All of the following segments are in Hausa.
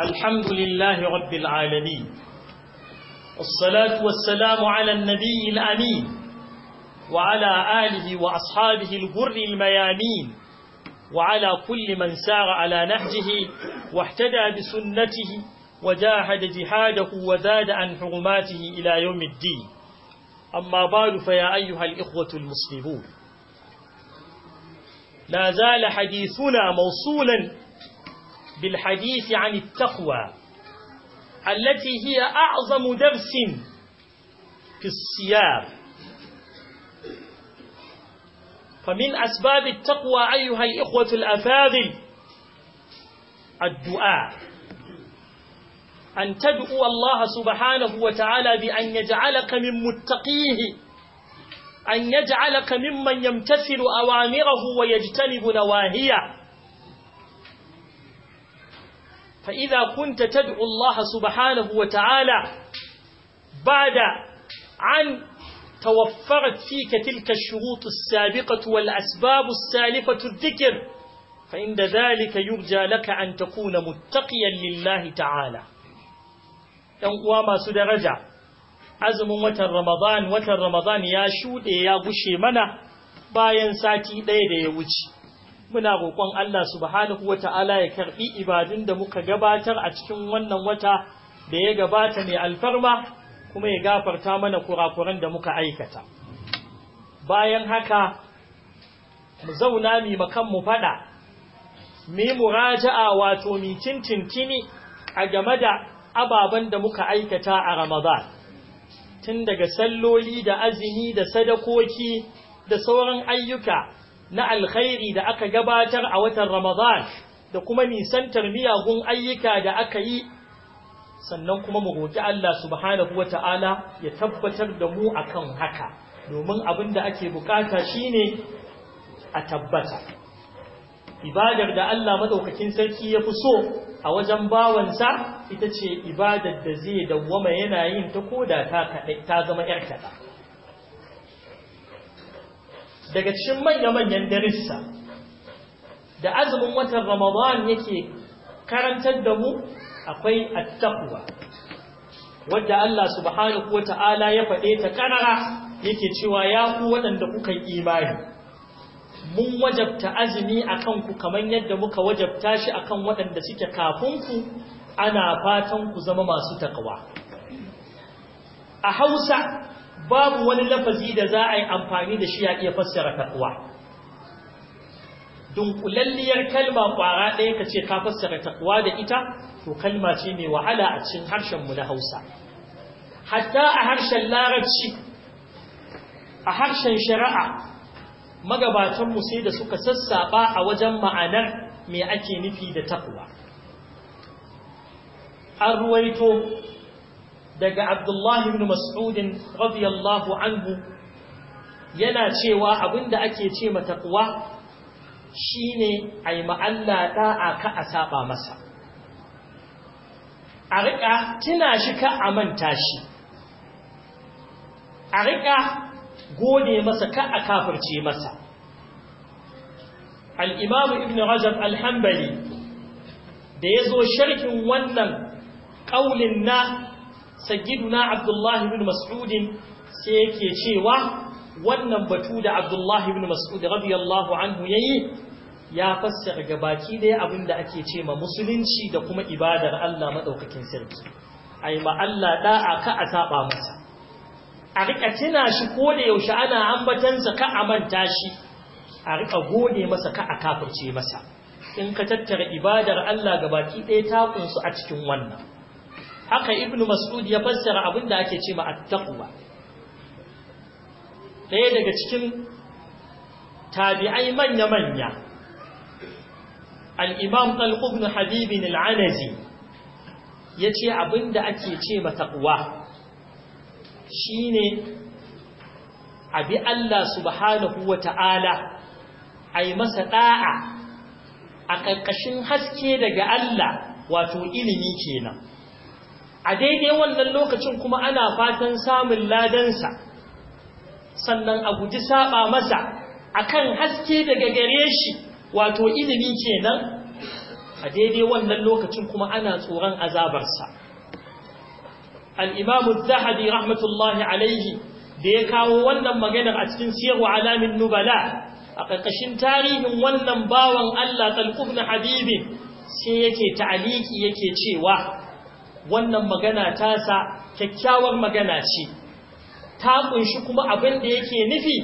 الحمد لله رب العالمين الصلاة والسلام على النبي الأمين وعلى آله وأصحابه الغر الميامين وعلى كل من سار على نهجه واحتدى بسنته وجاهد جهاده وزاد عن حرماته إلى يوم الدين أما بعد فيا أيها الإخوة المسلمون لا زال حديثنا موصولا بالحديث عن التقوى التي هي أعظم درس في الصيام فمن أسباب التقوى أيها الإخوة الأفاضل الدعاء أن تدعو الله سبحانه وتعالى بأن يجعلك من متقيه أن يجعلك ممن يمتثل أوامره ويجتنب نواهيه فإذا كنت تدعو الله سبحانه وتعالى بعد أن توفرت فيك تلك الشروط السابقة والأسباب السالفة الذكر فإن ذلك يرجى لك أن تكون متقيا لله تعالى وما سدرجة أزم وتر رمضان وتر رمضان يا شود يا بشي منا باين ساتي ديدي يا وجه muna roƙon Allah subhanahu wata'ala ya karɓi ibadun da muka gabatar a cikin wannan wata da ya gabata mai alfarma kuma ya gafarta mana kurakuran da muka aikata bayan haka mu zauna mi makan mu fada mi muraja'a wato mi tintintini a game da ababen da muka aikata a Ramadan tun daga salloli da azumi da sadakoki da sauran ayyuka na alkhairi da aka gabatar a watan Ramadan da kuma nisantar miyagun ayyuka da aka yi sannan kuma mu roki Allah subhanahu wata'ala ya tabbatar da mu akan haka domin abin da ake bukata shine a tabbata ibadar da Allah madaukakin sarki ya fi so a wajen bawansa ita ce ibadar da zai dawwama yana yin ta koda ta ta zama yar kaɗa daga cikin manya-manyan darissa da azumin watan ramadan yake karantar da mu akwai attaqwa wadda Allah subhanahu wata'ala ya faɗe ta karara yake cewa ya ku waɗanda kuka yi imani mun wajabta azumi a kanku kamar yadda muka wajabta shi akan kan waɗanda suke ku ana fatan ku zama masu taƙawa a hausa babu wani lafazi da za a yi amfani da shi a iya fassara takwa dunkulalliyar kalma kwara ɗaya ka ce ka fassara takwa da ita to kalma ce mai wahala a cikin harshenmu na hausa hatta a harshen larabci a harshen shari'a magabatanmu sai da suka sassaɓa a wajen ma'anar me ake nufi da takwa an ruwaito daga Abdullahi ibn Mas'udin radiyallahu anhu yana cewa abinda ake ce mata taqwa shine ai ma Allah da'a ka a saba masa a rika tuna shi ka a manta shi a rika gode masa ka a kafirce masa al-Imam Ibn Rajab al-Hanbali da yazo sharhin wannan kaulin na سجدنا abdullahi bin بن sai yake cewa wannan batu da abdullahi bin mas'ud radiyallahu anhu yayi ya fassara gabaki daya abin da ake ce ma musulunci da kuma ibadar Allah madaukakin sarki ai ma Allah da'a ka a saba masa a rika tuna shi ko da yaushe ana ambatansa ka a manta shi a rika gode masa ka a kafirce masa in ka tattara ibadar Allah gabaki daya ta kunsu a cikin wannan haka ibn mas'ud ya fassara abin da ake ce at-taqwa ɗaya daga cikin tabi'ai manya-manya al-imam talq ibn habib al-anazi yace abin da ake ce ma taqwa shine abi Allah subhanahu wata'ala ai masa da'a a ƙarƙashin haske daga Allah wato ilimi kenan a daidai wannan lokacin kuma ana fatan samun ladansa sannan a guji saba masa akan haske daga gare shi wato ilimi kenan a daidai wannan lokacin kuma ana tsoron azabarsa al-imamu zahabi rahmatullahi alaihi da ya kawo wannan maganar a cikin siyarwa alamin nubala a ƙarƙashin tarihin wannan bawan Allah talqubna habibin sai yake ta'aliki yake cewa wannan magana tasa kyakkyawar magana ce ta kunshi kuma abin da yake nufi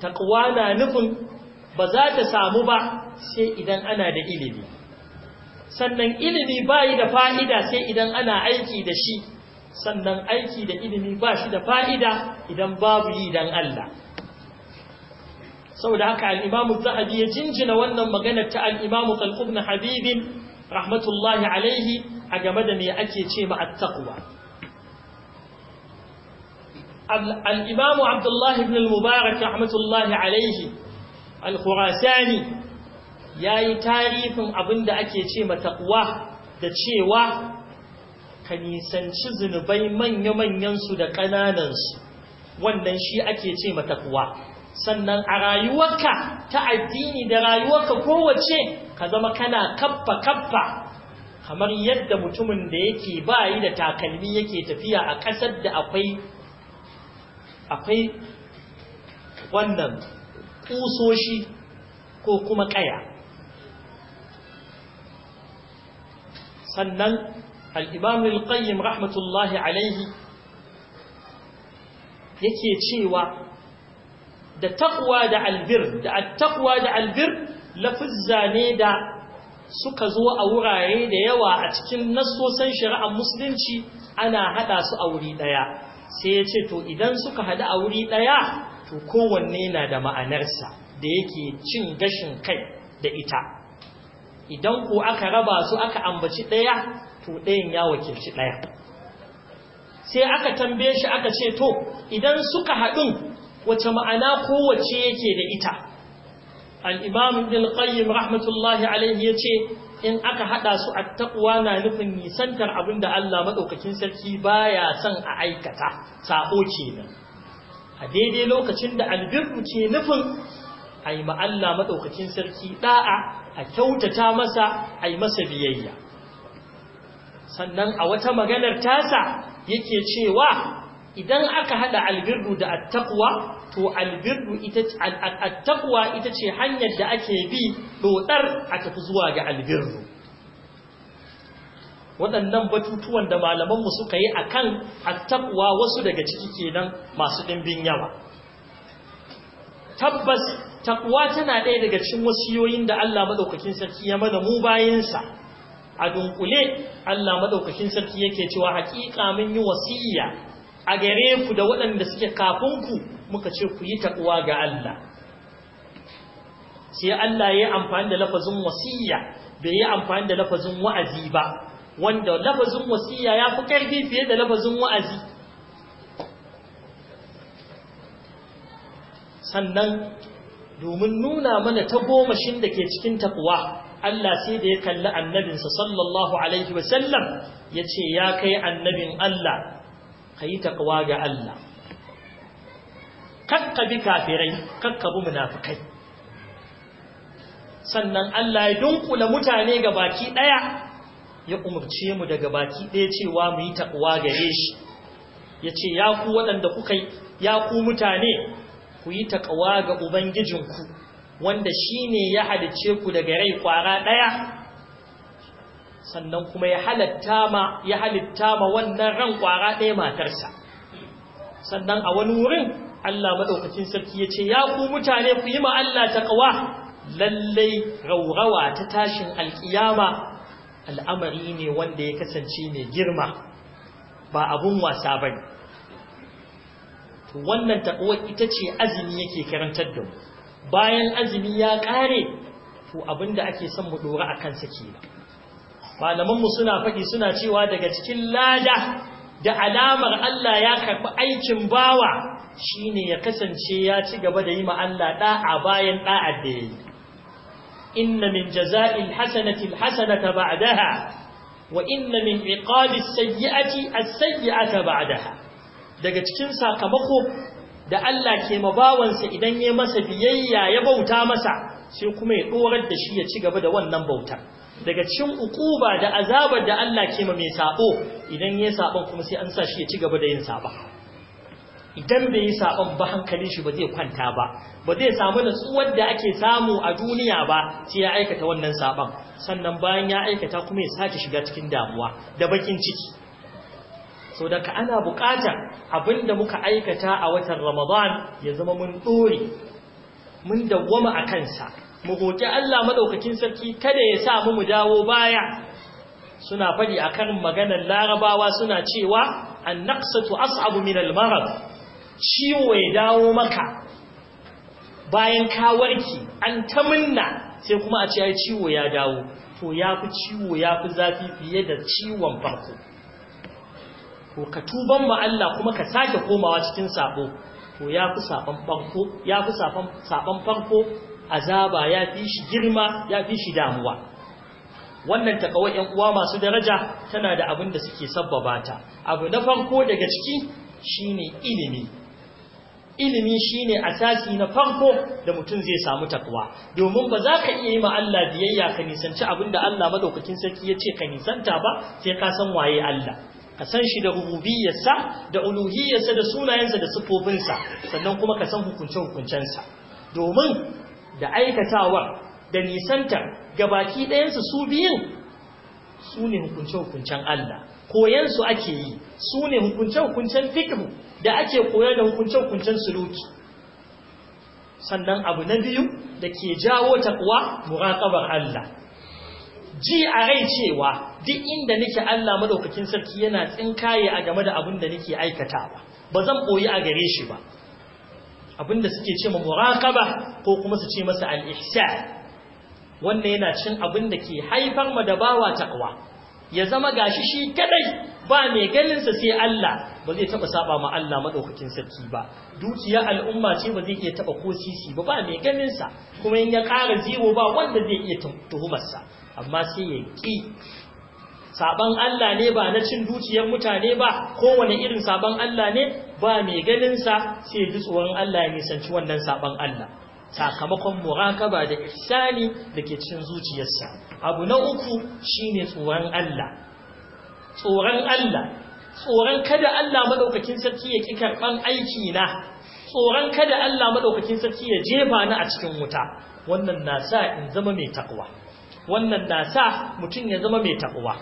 taqwa na nufin ba za ta samu ba sai idan ana da ilimi sannan ilimi bayi da fa'ida sai idan ana aiki da shi sannan aiki da ilimi ba shi da fa'ida idan babu yi dan Allah saboda haka al'imamu zahabi ya jinjina wannan maganar ta al'imamu kalkubna habibin rahmatullahi alaihi a game da me ake ce ma at-taqwa al Abdullah ibn al-Mubarak rahmatullahi alaihi al ya yayi tarifin abinda ake ce ma taqwa da cewa ka nisanci zunubai manya manyansu da ƙananansu, wannan shi ake ce ma taqwa sannan a rayuwarka ta addini da rayuwarka kowace ka zama kana kaffa kaffa kamar yadda mutumin da yake bayi da takalmi yake tafiya a ƙasar da akwai akwai wannan ƙusoshi ko kuma ƙaya sannan al'imam al-qayyim rahmatullahi alaihi yake cewa da takwa da albir da takwa da albir lafizza ne da suka zo a wurare da yawa a cikin nassosan shari'ar musulunci ana haɗa su a wuri ɗaya sai ya ce to idan suka haɗu a wuri ɗaya to kowanne na da ma'anarsa da yake cin gashin kai da ita idan ko aka raba su aka ambaci ɗaya to ɗayan ya wakilci ɗaya sai aka tambaye shi aka ce to idan suka haɗu wace ma'ana kowace yake da ita al'imam ibn qayyim rahmatullahi alaihi ya ce in aka haɗa su a taƙwa na nufin nisantar abin da Allah maɗaukakin sarki baya son a aikata saƙo kenan a daidai lokacin da albirru ke nufin a yi ma'alla maɗaukakin sarki ɗa'a a kyautata masa a yi masa biyayya sannan a wata maganar tasa yake cewa idan aka haɗa albirru da attaƙwa to albirru ita attaqwa ita ce hanyar da ake bi dodar a tafi zuwa ga albirru waɗannan batutuwan da malamanmu suka yi a kan atakwa wasu daga ciki kenan masu ɗimbin yawa tabbas taqwa tana ɗaya daga cikin wasiyoyin da Allah madaukakin sarki ya mana mu bayansa a dunkule Allah madaukakin sarki yake cewa haƙiƙa mun yi wasiya a gare ku da waɗanda suke kafin ku muka ce ku yi taɓuwa ga Allah sai Allah ya yi amfani da lafazin wasiya bai yi amfani da lafazin wa'azi ba wanda lafazin wasiyya ya fi ƙarfi fiye da lafazin wa'azi sannan domin nuna mana ta gomashin da ke cikin taɓuwa Allah sai da ya kalli annabinsa sallallahu alaihi wasallam ya ce ya kai annabin Allah ka yi taɓuwa ga Allah kakka bi kafirai kakka bi munafikai sannan Allah ya dunkula mutane ga baki daya ya umarce mu daga baki daya cewa mu yi takwa gare shi yace ya ku waɗanda kuka ya ku mutane ku yi takwa ga ubangijinku wanda shine ya halice ku daga rai kwara daya sannan kuma ya halatta ma ya halitta ma wannan ran kwara daya matarsa sannan a wani wurin Allah maɗaukacin sarki ya ce ya ku mutane ku yi ma Allah ƙawa. lallai raurawa ta tashin alƙiyama. al'amari ne wanda ya kasance mai girma ba abun wasa bane to wannan taqwa ita ce azumi yake karantar da mu bayan azumi ya ƙare, to abinda ake son mu dora akan sa ke malaman mu suna faɗi suna cewa daga cikin lada da alamar Allah ya karɓi aikin bawa Shi ne ya kasance ya ci gaba da yi ma Allah ɗa'a bayan ɗa'a da yi inna min jaza'il hasanati alhasanata daha wa inna min iqabi as-sayyi'ati as-sayyi'ata ba'daha daga cikin sakamako da Allah ke mabawansa idan ya masa biyayya ya bauta masa sai kuma ya ɗorar da shi ya ci gaba da wannan bautar daga cin ukuba da azabar da Allah ke ma mai sabo idan ya saban kuma sai an sa shi ya ci gaba da yin saɓa. idan bai yi saban ba hankalin shi ba zai kwanta ba ba zai samu natsuwar da ake samu a duniya ba sai ya aikata wannan saban sannan bayan ya aikata kuma ya sake shiga cikin damuwa da bakin ciki sau da ka ana buƙatar abinda muka aikata a watan ramadan ya zama mun dore mun dawwama a kansa mu goge Allah madaukakin sarki kada ya sa mu mu dawo baya suna faɗi akan maganar larabawa suna cewa an naqsatu as'abu min al-marad ciwo ya dawo maka bayan kawarki an ta minna sai kuma a ce ciwo ya dawo to ya fi ciwo ya fi zafi fiye da ciwon farko ko ka tuban ma Allah kuma ka sake komawa cikin sabo to ya fi saban farko ya fi saban farko azaba ya fi shi girma ya fi shi damuwa wannan takawa ƴan uwa masu daraja tana da abin da suke sabbabata. abu na farko daga ciki shine ilimi ilimi shine asasi na farko da mutum zai samu takwa domin ba za ka iya yi ma Allah biyayya ka nisanci abinda Allah madaukakin sarki ya ce ka nisanta ba sai ka san waye Allah ka san shi da rububiyarsa da uluhiyarsa da sunayensa da sifofinsa sannan kuma ka san hukunce hukuncensa domin da aikatawar da nisantar gabaki ɗayansu su biyun su ne hukunce hukuncen Allah koyansu ake yi su ne hukunce hukuncen fikhu da ake koyar da hukunce-hukuncen suluki sannan abu na biyu da ke jawo taɓuwa muraƙabar Allah ji a rai cewa duk inda nake Allah madaukakin sarki yana tsinkaye a game da abin da nake aikata ba zan ɓoyi a gare shi ba abin da suke ce ma muraƙaba ko kuma su ce masa al'ihsa wannan yana cin abin da ke haifar ma da bawa taƙwa ya zama gashi shi kadai ba mai ganinsa sai Allah ba zai taɓa saba ma Allah maɗaukakin sarki ba dukiya al'umma ce ba zai iya taɓa ko sisi ba ba mai ganinsa kuma in ya ƙara jiwo ba wanda zai iya tuhumarsa amma sai ya ƙi saban Allah ne ba na cin dukiyar mutane ba kowane irin saban Allah ne ba mai ganinsa sai dutsuwan Allah ya nisanci wannan saban Allah sakamakon murakaba da ihsani da ke cin zuciyarsa abu na uku shine tsoron Allah tsoron Allah tsoron kada Allah madaukakin sarki ya ƙi karban aiki na tsoron kada Allah madaukakin sarki ya jefa ni a cikin wuta wannan na sa in zama mai takwa wannan na sa mutum ya zama mai takwa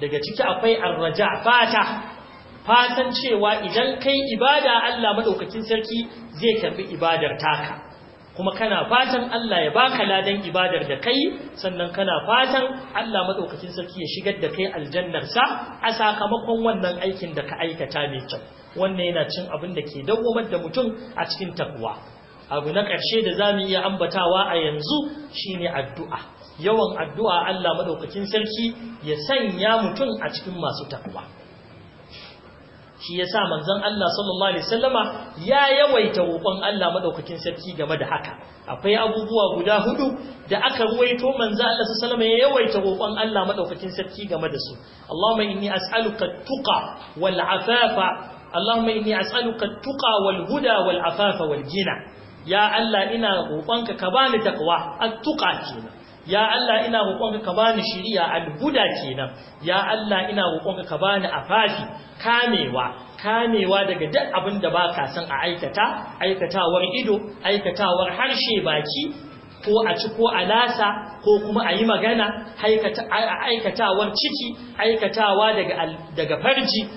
daga ciki akwai arraja fata fatan cewa idan kai ibada Allah madaukakin sarki zai karɓi ibadar taka kuma kana fatan Allah ya baka ladan ibadar da kai sannan kana fatan Allah madaukakin sarki ya shigar da kai aljannar sa a sakamakon wannan aikin da ka aikata mai kyau wannan yana cin abin da ke dawwamar da mutum a cikin takwa abu na ƙarshe da zamu iya ambatawa a yanzu shine addu'a yawan addu'a Allah madaukakin sarki ya sanya mutum a cikin masu takwa shi yasa manzon Allah sallallahu alaihi wasallama ya yawaita roƙon Allah madaukakin sarki game da haka akwai abubuwa guda hudu da aka ruwaito manzon Allah sallallahu alaihi ya yawaita roƙon Allah madaukakin sarki game da su Allahumma inni as'aluka tuqa wal afafa Allahumma inni as'aluka tuqa wal huda wal afafa wal jina ya Allah ina roƙonka ka bani takwa at-tuqa kenan ya Allah ina roƙonka ka bani shiriya alhuda kenan ya Allah ina roƙonka ka bani afafi kamewa kamewa daga duk abin da baka san a aikata aikatawar ido aikatawar harshe baki ko a ci ko a lasa ko kuma a yi magana aikatawar ciki aikatawa daga farji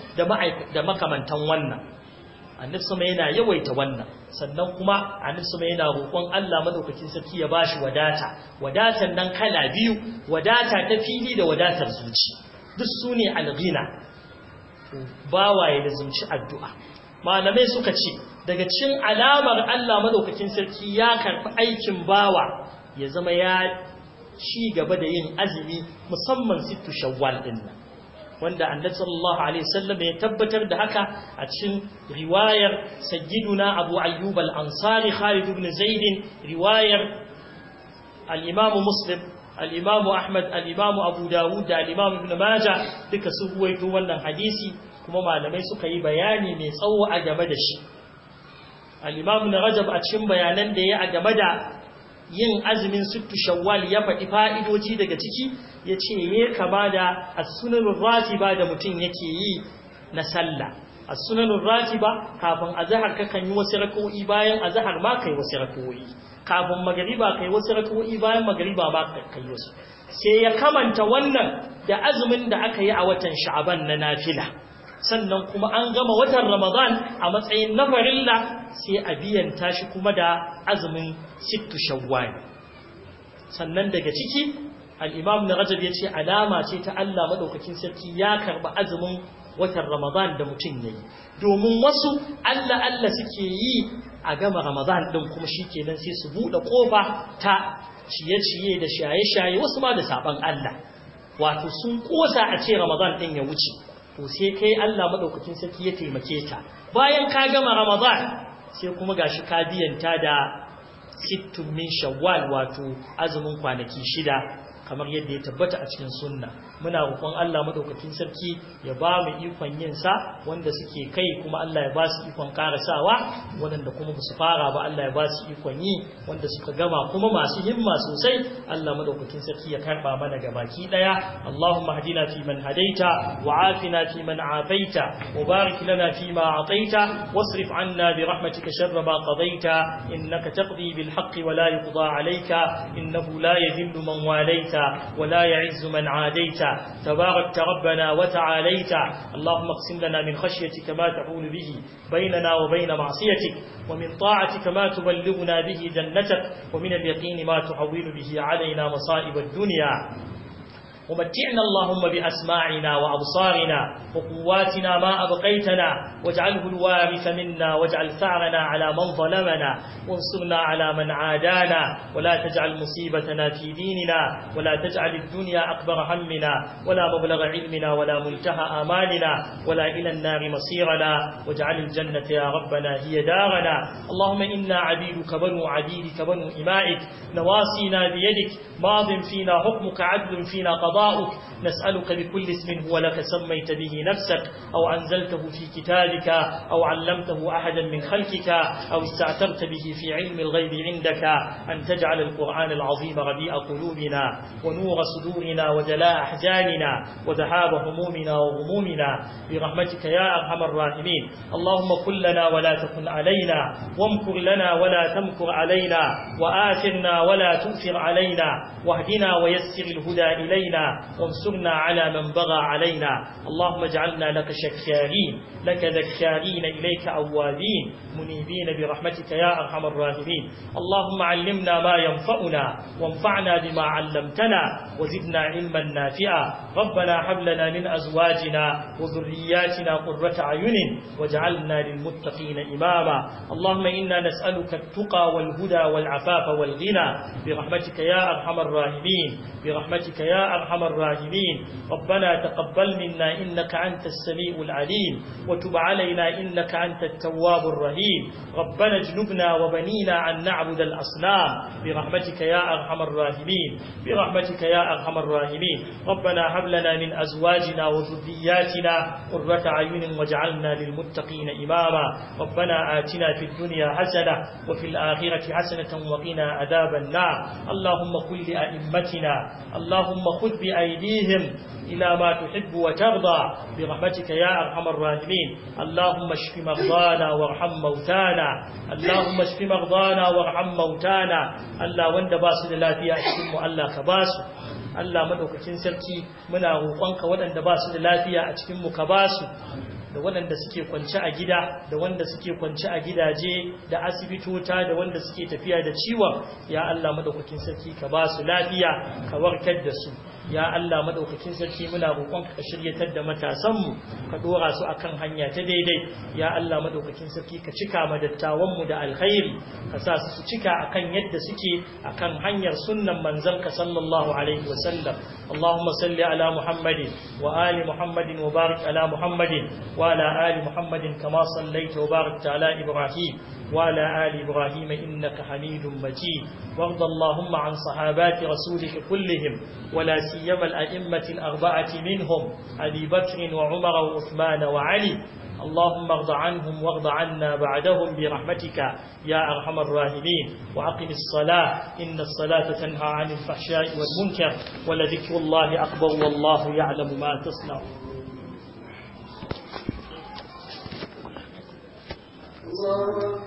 da makamantan wannan annabi sama yana yawaita wannan sannan kuma annabi sama yana roƙon Allah madaukakin sarki ya shi wadata wadatar nan kala biyu wadata ta fili da wadatar zuci duk sune alghina bawaye da zumci addu'a malamai suka ce daga cin alamar Allah madaukakin sarki ya karɓi aikin bawa ya zama ya ci gaba da yin azumi musamman sittu shawwal din nan wanda annabi sallallahu alaihi wasallam ya tabbatar da haka a cikin riwayar sayyiduna abu ayyub al-ansari khalid ibn zaid riwayar al-imam muslim al-imam ahmad al-imam abu dawud da al-imam ibn majah duka su ruwaito wannan hadisi kuma malamai suka yi bayani mai tsawo a game da shi al-imam rajab a cikin bayanan da ya a game da yin azumin sutu shawwal ya faɗi fa'idoji daga ciki ya ce ya kama da as rati ba da mutum yake yi na sallah as rati ba kafin a zahar kakan yi wasu rak'o'i bayan a zahar ma kai wasu rak'o'i kafin magariba kai wasu rak'o'i bayan magariba ma kai wasu sai ya kamanta wannan da azumin da aka yi a watan sha'aban na nafila sannan kuma an gama watan ramadan a matsayin na farilla sai a biyanta shi kuma da azumin sittu shawwal sannan daga ciki al-imam na rajab ya ce alama ce ta Allah madaukakin sarki ya karba azumin watan ramadan da mutum ya yi domin wasu Allah Allah suke yi a gama ramadan din kuma shi kenan sai su buɗe ƙofa ta ciye-ciye da shaye-shaye wasu ma da saɓan Allah wato sun ƙosa a ce ramadan din ya wuce to sai kai Allah madaukakin sarki ya taimake ta bayan ka gama ramadan sai kuma gashi ka biyanta da sittun min shawwal wato azumin kwanaki shida kamar yadda ya tabbata a cikin sunna muna roƙon Allah madaukakin sarki ya ba mu ikon yin sa wanda suke kai kuma Allah ya ba su ikon karasawa waɗanda kuma ba su fara ba Allah ya ba su ikon yi wanda suka gama kuma masu himma sosai Allah madaukakin sarki ya karba mana gabaki daya Allahumma hadina fi man hadaita wa afina fi man afaita wa barik lana fi ma ataita wasrif anna bi rahmatika sharra ma qadaita innaka taqdi bil haqqi wa la yuqda alayka innahu la yadhillu man walayta ولا يعز من عاديت تبارك ربنا وتعاليت اللهم اقسم لنا من خشيتك ما تحول به بيننا وبين معصيتك ومن طاعتك ما تبلغنا به جنتك ومن اليقين ما تحول به علينا مصائب الدنيا ومتعنا اللهم بأسماعنا وأبصارنا وقواتنا ما أبقيتنا واجعله الوارث منا واجعل ثعرنا على من ظلمنا وانصرنا على من عادانا ولا تجعل مصيبتنا في ديننا ولا تجعل الدنيا أكبر همنا ولا مبلغ علمنا ولا منتهى آمالنا ولا إلى النار مصيرنا واجعل الجنة يا ربنا هي دارنا اللهم إنا عبيدك بنو عبيدك بنو إمائك نواصينا بيدك ماض فينا حكمك عدل فينا قضاء قضاؤك نسألك بكل اسم هو لك سميت به نفسك أو أنزلته في كتابك أو علمته أحدا من خلقك أو استعترت به في علم الغيب عندك أن تجعل القرآن العظيم ربيع قلوبنا ونور صدورنا وجلاء أحزاننا وذهاب همومنا وغمومنا برحمتك يا أرحم الراحمين اللهم كن لنا ولا تكن علينا وامكر لنا ولا تمكر علينا وآثرنا ولا تؤثر علينا واهدنا ويسر الهدى إلينا وانصرنا على من بغى علينا اللهم اجعلنا لك شكارين لك ذكارين إليك أوابين منيبين برحمتك يا أرحم الراحمين اللهم علمنا ما ينفعنا وانفعنا بما علمتنا وزدنا علما نافعا ربنا حبلنا من أزواجنا وذرياتنا قرة عين واجعلنا للمتقين إماما اللهم إنا نسألك التقى والهدى والعفاف والغنى برحمتك يا أرحم الراحمين برحمتك يا أرحم أرحم الراحمين ربنا تقبل منا إنك أنت السميع العليم وتب علينا إنك أنت التواب الرحيم ربنا اجنبنا وبنينا أن نعبد الأصنام برحمتك يا أرحم الراحمين برحمتك يا أرحم الراحمين ربنا هب لنا من أزواجنا وذرياتنا قرة عيون واجعلنا للمتقين إماما ربنا آتنا في الدنيا حسنة وفي الآخرة حسنة وقنا عذاب النار اللهم قل لائمتنا اللهم خذ بأيديهم إلى ما تحب وترضى برحمتك يا أرحم الراحمين اللهم اشف مرضانا وارحم موتانا اللهم اشف مرضانا وارحم موتانا الله وند باس الله كباس sarki muna roƙonka waɗanda cikin ka da waɗanda suke kwance a gida da wanda suke kwance a gidaje da asibitota da wanda suke tafiya da ciwon ya Allah madaukakin sarki ka ba su lafiya ka warkar da su ya Allah madaukakin sarki muna roƙon ka shiryatar da matasanmu ka dora su akan hanya ta daidai ya Allah madaukakin sarki ka cika madattawan mu da alkhairi ka sa su cika akan yadda suke akan hanyar sunnan manzon ka sallallahu alaihi wa sallam. Allahumma salli ala Muhammadin wa ali Muhammadin wa barik ala Muhammadin wa ala ali Muhammadin kama sallaita wa barakta ala Ibrahim وعلى آل إبراهيم إنك حميد مجيد وارض اللهم عن صحابات رسولك كلهم ولا سيما الأئمة الأربعة منهم أبي بكر وعمر وعثمان وعلي اللهم ارض عنهم وارض عنا بعدهم برحمتك يا أرحم الراحمين وأقم الصلاة إن الصلاة تنهى عن الفحشاء والمنكر ولذكر الله أكبر والله يعلم ما تصنع you.